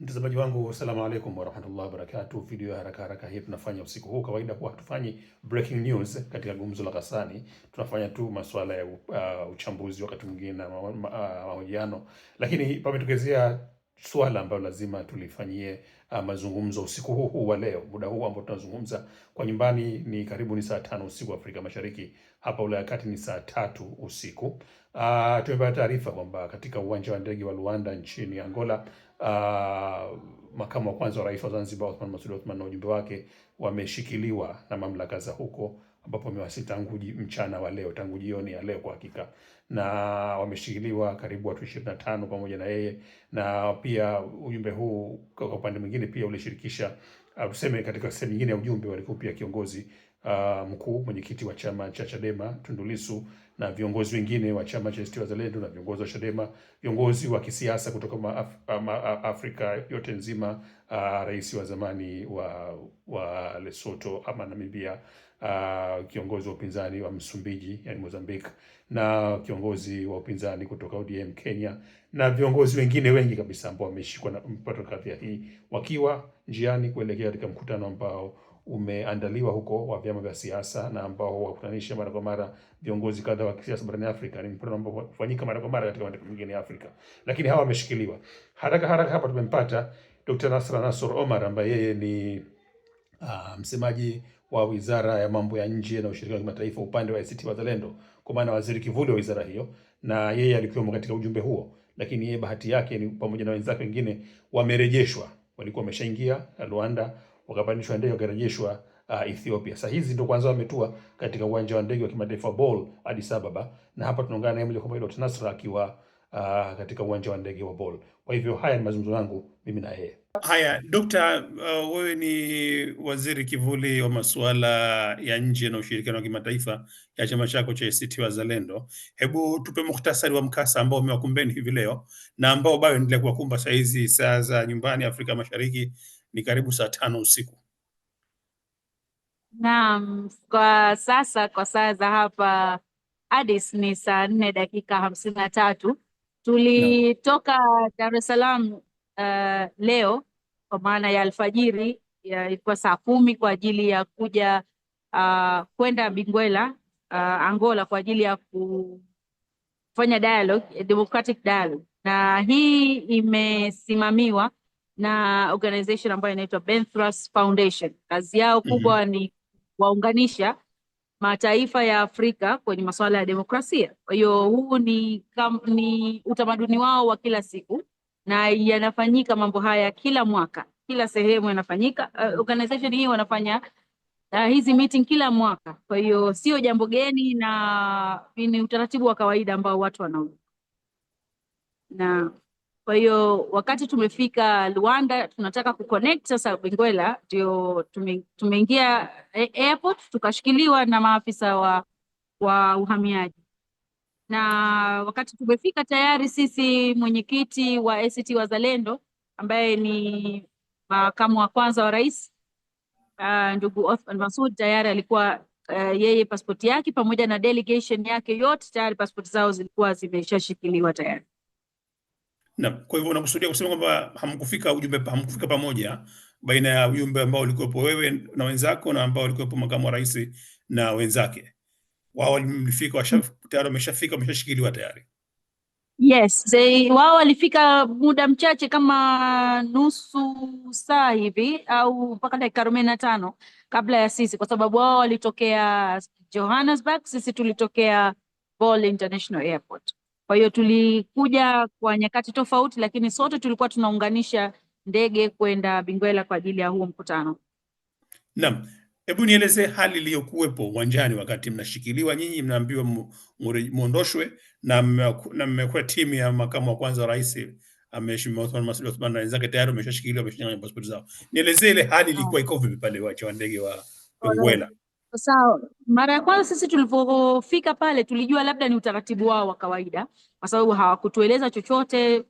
Mtazamaji wangu, assalamu alaikum warahmatullahi wabarakatuh. Video ya haraka haraka hii tunafanya usiku huu. Kawaida huwa hatufanyi breaking news katika gumzo la Ghassani, tunafanya tu masuala ya uh, uchambuzi wakati mwingine na mahojiano ma, ma, uh, ma, lakini pametokezea swala ambalo lazima tulifanyie uh, mazungumzo usiku huu huu wa leo, muda huu ambao tunazungumza kwa nyumbani ni karibu ni saa tano usiku Afrika Mashariki, hapa Ulaya wakati Kati ni saa tatu usiku. Uh, tumepata taarifa kwamba katika uwanja wa ndege wa Luanda nchini Angola, uh, makamu wa kwanza wa rais wa Zanzibar Othman Masoud Othman na ujumbe wake wameshikiliwa na mamlaka za huko ambapo wamewasi tangu mchana wa leo, tangu jioni ya leo kwa hakika, na wameshikiliwa karibu watu 25 pamoja na yeye. Na pia ujumbe huu kwa upande mwingine pia ulishirikisha uh, tuseme katika sehemu nyingine ya ujumbe walikuwa pia kiongozi uh, mkuu mwenyekiti wa chama cha Chadema Tundu Lissu na viongozi wengine wa chama cha ACT Wazalendo na viongozi wa Chadema, viongozi wa kisiasa kutoka ma Af uh, ma, uh, Afrika yote nzima, uh, rais wa zamani wa, wa Lesotho ama Namibia uh, kiongozi wa upinzani wa Msumbiji yani Mozambique, na kiongozi wa upinzani kutoka ODM Kenya, na viongozi wengine wengi kabisa ambao wameshikwa na mpato kadhia hii wakiwa njiani kuelekea katika mkutano ambao umeandaliwa huko wa vyama vya siasa na ambao wakutanisha mara kwa mara viongozi kadhaa wa kisiasa barani Afrika. Ni mkutano ambao hufanyika mara kwa mara katika mataifa mengine ya Afrika, lakini hawa wameshikiliwa haraka haraka. Hapa tumempata Dr. Nasra Nasor Omar ambaye yeye ni uh, msemaji wa Wizara ya Mambo ya Nje na Ushirikiano wa Kimataifa upande wa ACT Wazalendo, kwa maana waziri kivuli wa wizara hiyo, na yeye alikuwemo katika ujumbe huo, lakini yeye bahati yake ni pamoja na wenzake wengine wamerejeshwa, walikuwa wameshaingia Rwanda, wakapandishwa ndege wakarejeshwa uh, Ethiopia. Sasa hizi ndio kwanza wametua katika uwanja wa ndege wa kimataifa Bole Addis Ababa, na hapa tunaungana naye moja kwa moja Dr. Nasra akiwa uh, katika uwanja wa ndege wa Bole. Kwa hivyo haya ni mazungumzo yangu mimi na yeye. Haya, Dokta, uh, wewe ni waziri kivuli wa masuala ya nje na ushirikiano wa kimataifa ya chama chako cha ACT Wazalendo. Hebu tupe muhtasari wa mkasa ambao umewakumbeni hivi leo na ambao bado endelea kuwakumba saa hizi, saa za nyumbani Afrika Mashariki ni karibu saa tano usiku. Naam, kwa sasa kwa saa za hapa Addis ni saa nne dakika hamsini na tatu. Tulitoka Dar es Salaam uh, leo kwa maana ya alfajiri ilikuwa saa kumi kwa ajili ya kuja uh, kwenda Benguela uh, ah, Angola kwa ajili ya kufanya dialogue, eh, democratic dialogue, na hii imesimamiwa na organization ambayo inaitwa Benthras Foundation. Kazi yao mhm. kubwa mm -hmm. ni kuwaunganisha mataifa ya Afrika kwenye masuala ya demokrasia. Kwa hiyo huu ni, ni utamaduni wao wa kila siku na yanafanyika mambo haya kila mwaka, kila sehemu yanafanyika. Uh, mm. organization hii wanafanya uh, hizi meeting kila mwaka, kwa hiyo sio jambo geni na ni utaratibu wa kawaida ambao watu wanaua Na kwa hiyo wakati tumefika Luanda, tunataka kuconnect sasa Benguela, ndio tumeingia airport tukashikiliwa na maafisa wa, wa uhamiaji na wakati tumefika tayari sisi mwenyekiti wa ACT Wazalendo ambaye ni makamu wa kwanza wa rais uh, ndugu Othman Masoud tayari alikuwa uh, yeye pasipoti yake pamoja na delegation yake yote tayari pasipoti zao zilikuwa zimeshashikiliwa tayari. Na kwa hivyo unakusudia kusema kwamba hamkufika ujumbe, hamkufika pamoja baina ya ujumbe ambao ulikuwepo wewe na wenzako na ambao ulikuwepo makamu wa rais na wenzake wao mlifika mm. tayari, wameshafika wameshashikiliwa tayari? Yes, wao walifika muda mchache kama nusu saa hivi au mpaka dakika arobaini na tano kabla ya sisi, kwa sababu wao walitokea Johannesburg, sisi tulitokea Ball International Airport. Kwa hiyo tulikuja kwa nyakati tofauti, lakini sote tulikuwa tunaunganisha ndege kwenda Benguela kwa ajili ya huo mkutano. Naam. Hebu nieleze hali iliyokuwepo uwanjani wakati mnashikiliwa nyinyi, mnaambiwa muondoshwe na mmekuwa timu ya makamu wa kwanza wa rais eh, Mheshimiwa Othman Masoud Othman na wenzake tayari wameshashikiliwa, wameshanyang'anywa pasipoti zao. Nieleze ile hali ah. ilikuwa iko vipi pale uwanja wa ndege wa Benguela? Sawa, mara ya kwanza sisi tulipofika pale tulijua labda ni utaratibu wao wa kawaida, kwa sababu hawakutueleza chochote.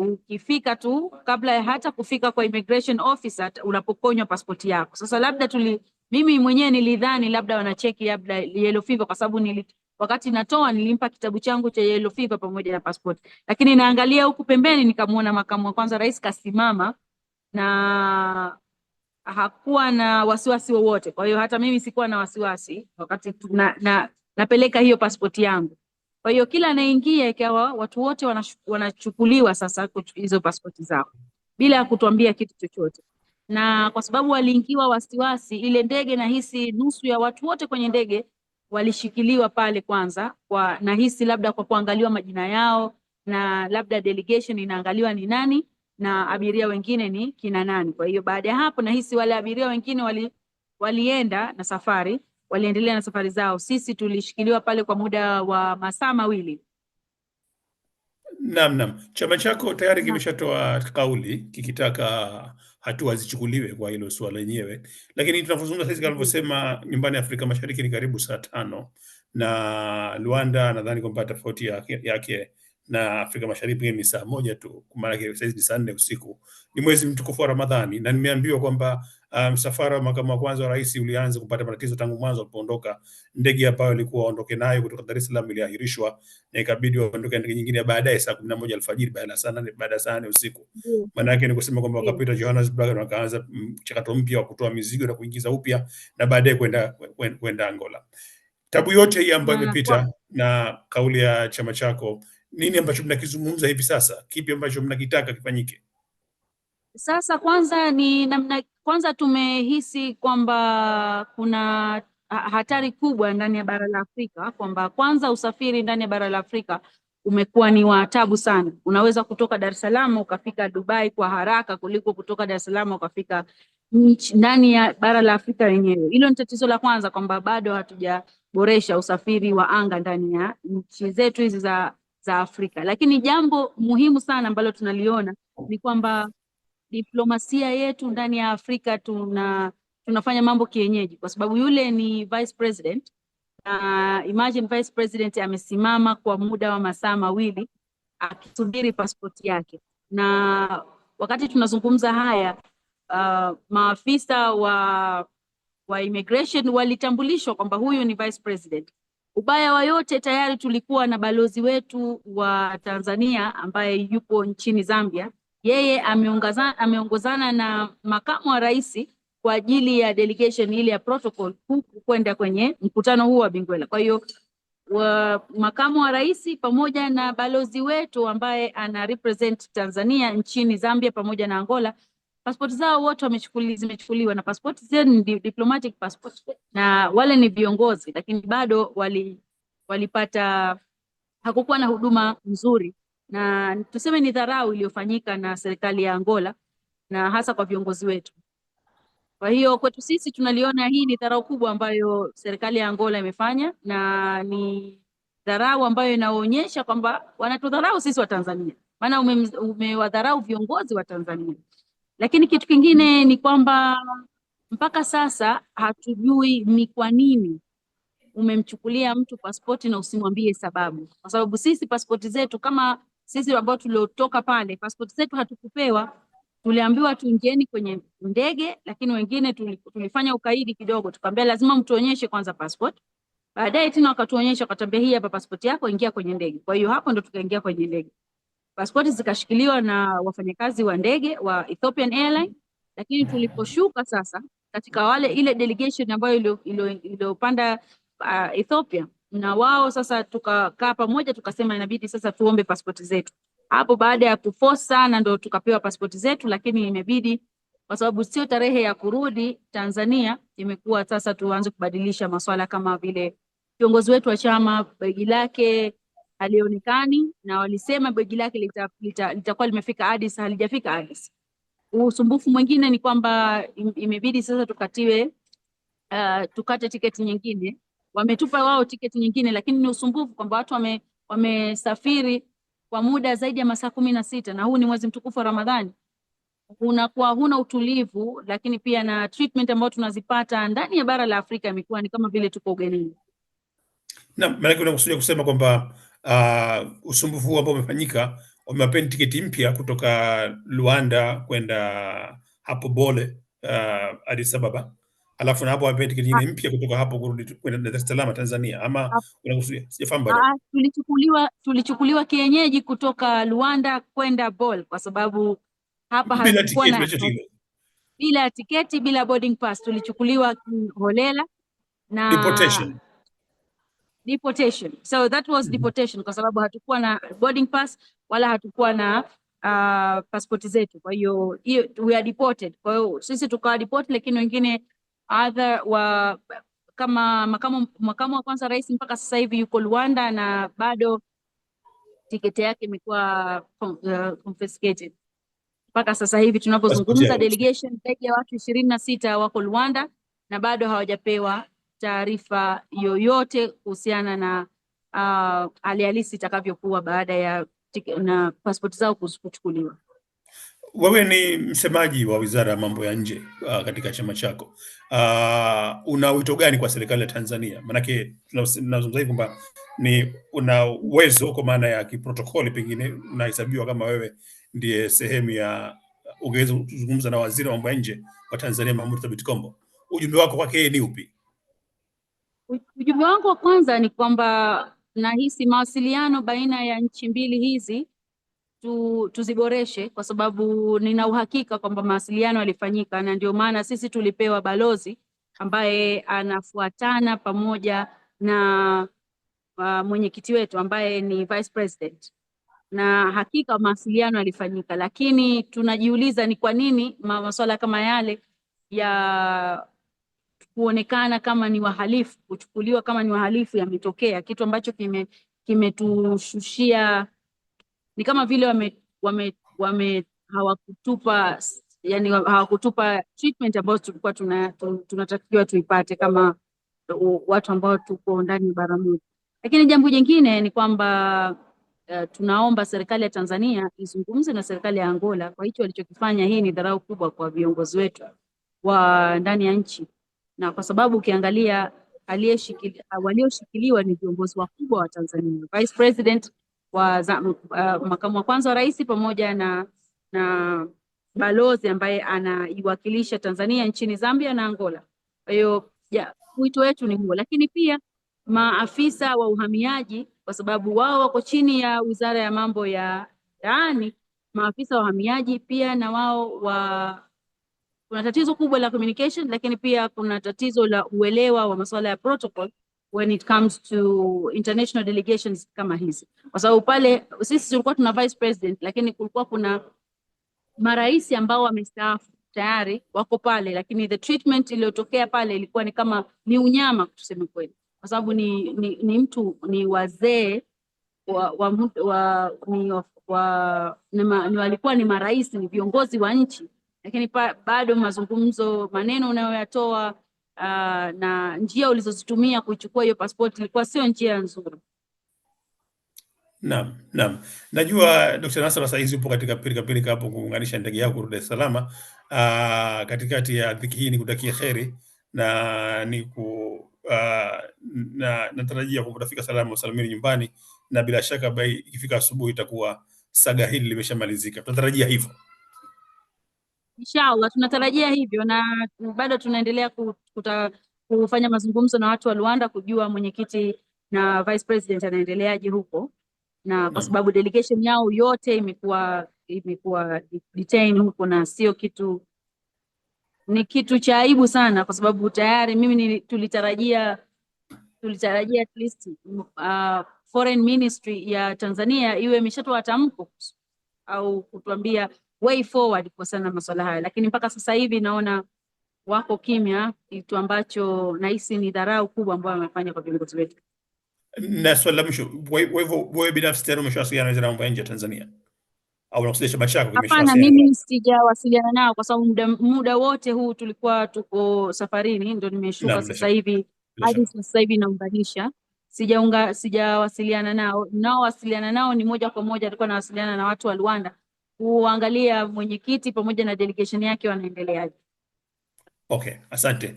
Ukifika tu kabla ya hata kufika kwa immigration officer unapokonywa pasipoti yako. Sasa labda tuli mimi mwenyewe nilidhani labda wanacheki labda yellow fever kwa sababu nili wakati natoa nilimpa kitabu changu cha yellow fever pamoja na passport, lakini naangalia huku pembeni nikamwona makamu wa kwanza rais kasimama na hakuwa na wasiwasi wowote. Kwa hiyo hata mimi sikuwa na wasiwasi wakati na, na, napeleka hiyo pasipoti yangu. Kwa hiyo kila anaingia ikawa watu wote wanachukuliwa sasa hizo pasipoti zao bila ya kutuambia kitu chochote na kwa sababu waliingiwa wasiwasi, ile ndege nahisi nusu ya watu wote kwenye ndege walishikiliwa pale kwanza, kwa nahisi labda kwa kuangaliwa majina yao na labda delegation inaangaliwa ni nani na abiria wengine ni kina nani. Kwa hiyo baada ya hapo, nahisi wale abiria wengine wali, walienda na safari waliendelea na safari zao. Sisi tulishikiliwa pale kwa muda wa masaa mawili. Naam, naam. Chama chako tayari kimeshatoa kauli kikitaka hatua zichukuliwe kwa hilo suala lenyewe. Lakini tunavyozungumza sasa, alivyosema nyumbani Afrika Mashariki ni karibu saa tano na Luanda, nadhani kwamba tofauti yake na Afrika Mashariki ni saa moja tu, maanake saizi ni saa nne usiku. Ni mwezi mtukufu wa Ramadhani na nimeambiwa kwamba msafara um, wa makamu wa kwanza wa rais ulianza kupata matatizo tangu mwanzo alipoondoka. Ndege ambayo alikuwa aondoke nayo kutoka Dar es Salaam iliahirishwa na ikabidi waondoke ndege nyingine baadaye saa kumi na moja alfajiri baada ya saa nane baada ya saa nane usiku. Mm. Maana yake ni kusema kwamba mm. wakapita Johannesburg na wakaanza mm, mchakato mpya wa kutoa mizigo na kuingiza upya na baadaye kwenda kwenda Angola. Tabu yote hii ambayo imepita na kauli ya chama chako nini ambacho mnakizungumza hivi sasa? Kipi ambacho mnakitaka kifanyike sasa? Kwanza ni namna, kwanza tumehisi kwamba kuna hatari kubwa ndani ya bara la Afrika, kwamba kwanza usafiri ndani ya bara la Afrika umekuwa ni wa taabu sana. Unaweza kutoka Dar es Salaam ukafika Dubai kwa haraka kuliko kutoka Dar es Salaam ukafika ndani ya bara la Afrika yenyewe. Hilo ni tatizo la kwanza, kwamba bado hatujaboresha usafiri wa anga ndani ya nchi zetu hizi za za Afrika. Lakini jambo muhimu sana ambalo tunaliona ni kwamba diplomasia yetu ndani ya Afrika tuna tunafanya mambo kienyeji, kwa sababu yule ni vice president na uh, imagine vice president amesimama kwa muda wa masaa mawili akisubiri pasipoti yake, na wakati tunazungumza haya uh, maafisa wa wa immigration walitambulishwa kwamba huyu ni vice president Ubaya wa yote tayari tulikuwa na balozi wetu wa Tanzania ambaye yupo nchini Zambia. Yeye ameongozana, na makamu wa rais kwa ajili ya delegation ile ya protocol huku kwenda kwenye mkutano huu wa Benguela. Kwa hiyo wa makamu wa rais pamoja na balozi wetu ambaye ana represent Tanzania nchini Zambia pamoja na Angola pasipoti zao wote wamechukuliwa, zimechukuliwa na pasipoti zenu ni diplomatic passport, na wale ni viongozi, lakini bado wali walipata hakukuwa na huduma nzuri, na tuseme ni dharau iliyofanyika na serikali ya Angola na hasa kwa viongozi wetu. Kwa hiyo kwetu sisi tunaliona hii ni dharau kubwa ambayo serikali ya Angola imefanya na ni dharau ambayo inaonyesha kwamba wanatudharau sisi wa Tanzania, maana umewadharau ume viongozi wa Tanzania. Lakini kitu kingine ni kwamba mpaka sasa hatujui ni kwa nini umemchukulia mtu pasipoti na usimwambie sababu, kwa sababu sisi pasipoti zetu kama sisi ambao tuliotoka pale, pasipoti zetu hatukupewa, tuliambiwa tuingieni kwenye ndege, lakini wengine tulifanya ukaidi kidogo, tukaambia lazima mtuonyeshe kwanza pasipoti. Baadaye tena wakatuonyesha, wakatuambia hii hapa pasipoti yako, ingia kwenye ndege. Kwa hiyo hapo ndo tukaingia kwenye ndege. Pasipoti zikashikiliwa na wafanyakazi wa ndege wa Ethiopian Airline, lakini mm. tuliposhuka sasa katika wale ile delegation ambayo iliyopanda uh, Ethiopia na wao sasa, tukakaa pamoja tukasema inabidi sasa tuombe pasipoti zetu. Hapo baada ya kufosa sana ndo tukapewa pasipoti zetu, lakini imebidi kwa sababu sio tarehe ya kurudi Tanzania, imekuwa sasa tuanze kubadilisha masuala kama vile kiongozi wetu wa chama begi lake halionekani, na walisema begi lake litakuwa lita, lita limefika Addis, halijafika Addis. Usumbufu mwingine ni kwamba imebidi sasa tukatiwe uh, tukate tiketi nyingine. Wametupa wao tiketi nyingine, lakini ni usumbufu kwamba watu wame, wamesafiri kwa muda zaidi ya masaa kumi na sita na huu ni mwezi mtukufu wa Ramadhani unakuwa huna utulivu, lakini pia na treatment ambayo tunazipata ndani ya bara la Afrika imekuwa ni kama vile tuko ugenini. Naam, maanake unakusudia kusema kwamba uh, usumbufu huu ambao umefanyika, wamewapendi tiketi mpya kutoka Luanda kwenda hapo Bole uh, Addis Ababa, alafu na hapo wamepeni tiketi nyingine mpya kutoka hapo kurudi kwenda Dar es Salaam Tanzania, ama ah. unakusudia? Sijafahamu bado. Ah, tulichukuliwa, tulichukuliwa kienyeji kutoka Luanda kwenda Bole kwa sababu hapa hakukuwa na bila tiketi bila boarding pass, tulichukuliwa kiholela na deportation deportation. So that was mhm. deportation kwa sababu hatukuwa na boarding pass wala hatukuwa na uh, pasipoti zetu, kwa hiyo we are deported. Kwa hiyo sisi tukawa deport, lakini wengine other wa kama makamu, makamu wa kwanza rais mpaka sasa hivi yuko Luanda na bado tiketi yake imekuwa uh, confiscated mpaka sasa hivi tunapozungumza, delegation zaidi ya watu ishirini na sita wako Luanda na bado hawajapewa taarifa yoyote kuhusiana na uh, hali halisi itakavyokuwa baada ya na pasipoti zao kuchukuliwa. Wewe ni msemaji wa Wizara ya Mambo ya Nje uh, katika chama chako uh, una wito gani kwa serikali ya Tanzania? Maanake tunazungumza hivi kwamba ni una uwezo kwa maana ya kiprotokoli, pengine unahesabiwa kama wewe ndiye sehemu ya ungeweza kuzungumza na waziri wa mambo ya nje wa Tanzania Mahmoud Thabit Kombo. Ujumbe wako kwake ni upi? Ujumbe wangu wa kwanza ni kwamba nahisi mawasiliano baina ya nchi mbili hizi tu, tuziboreshe kwa sababu nina uhakika kwamba mawasiliano yalifanyika na ndio maana sisi tulipewa balozi ambaye anafuatana pamoja na uh, mwenyekiti wetu ambaye ni Vice President na hakika mawasiliano yalifanyika, lakini tunajiuliza ni kwa nini masuala kama yale ya kuonekana kama ni wahalifu, kuchukuliwa kama ni wahalifu yametokea, kitu ambacho kimetushushia ni kama vile wame, wame, wame hawakutupa yani hawakutupa treatment ambayo tulikuwa tunatakiwa tuipate kama watu ambao tuko ndani ya bara moja. Lakini jambo jingine ni kwamba uh, tunaomba serikali ya Tanzania izungumze na serikali ya Angola kwa hicho walichokifanya. Hii ni dharau kubwa kwa viongozi wetu wa ndani ya nchi na kwa sababu ukiangalia ah, walioshikiliwa ni viongozi wakubwa wa Tanzania, Vice President wa uh, makamu wa kwanza wa rais pamoja na, na balozi ambaye anaiwakilisha Tanzania nchini Zambia na Angola. Kwa hiyo wito wetu ni huo, lakini pia maafisa wa uhamiaji, kwa sababu wao wako chini ya Wizara ya Mambo ya Ndani, maafisa wa uhamiaji pia na wao wa kuna tatizo kubwa la communication, lakini pia kuna tatizo la uelewa wa masuala ya protocol when it comes to international delegations kama hizi, kwa sababu pale sisi tulikuwa tuna vice president, lakini kulikuwa kuna marais ambao wamestaafu tayari wako pale, lakini the treatment iliyotokea pale ilikuwa ni kama ni unyama, tuseme kweli, kwa sababu ni, ni, ni mtu ni wazee wa, wa, wa, ni, wa, ni walikuwa ni marais, ni viongozi wa nchi lakini pa, bado mazungumzo, maneno unayoyatoa uh, na njia ulizozitumia kuichukua hiyo passport ilikuwa sio njia nzuri. Naam, naam. Najua Dkt. Nasra saa hizi upo katika pilika pilika hapo kuunganisha ndege yako kurudi salama. Uh, katikati ya dhiki hii ni kutakia kheri na ni ku uh, ah, na natarajia kwamba utafika salama usalimini nyumbani, na bila shaka bai ikifika asubuhi itakuwa saga hili limeshamalizika, tunatarajia hivyo. Inshallah tunatarajia hivyo, na bado tunaendelea kuta, kufanya mazungumzo na watu wa Luanda kujua mwenyekiti na vice president anaendeleaje huko, na kwa mm. sababu delegation yao yote imekuwa imekuwa detain huko, na sio kitu, ni kitu cha aibu sana, kwa sababu tayari mimi ni, tulitarajia tulitarajia at least uh, foreign ministry ya Tanzania iwe imeshatoa tamko au kutuambia way forward kuhusiana na masuala hayo, lakini mpaka sasa hivi naona wako kimya, kitu ambacho nahisi ni dharau kubwa ambayo wamefanya kwa viongozi wetu. Na swali la mwisho, wewe binafsi tena umeshawasiliana na wizara ya mambo ya nje ya Tanzania au unakusilisha habari yako? Hapana, mimi sijawasiliana nao kwa sababu muda, muda wote huu tulikuwa tuko safarini, ndio nimeshuka sasa hivi hadi sasa hivi naunganisha sijaunga sijawasiliana nao. Naowasiliana nao ni moja kwa moja, alikuwa nawasiliana na watu wa Luanda kuangalia mwenyekiti pamoja na delegation yake wanaendeleaje. Okay, asante.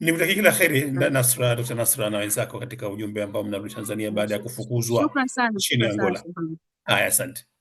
Nimtakie kila kheri Nasra, Dr. Nasra na wenzako katika ujumbe ambao mnarudi Tanzania baada ya kufukuzwa nchini Angola. Haya, asante.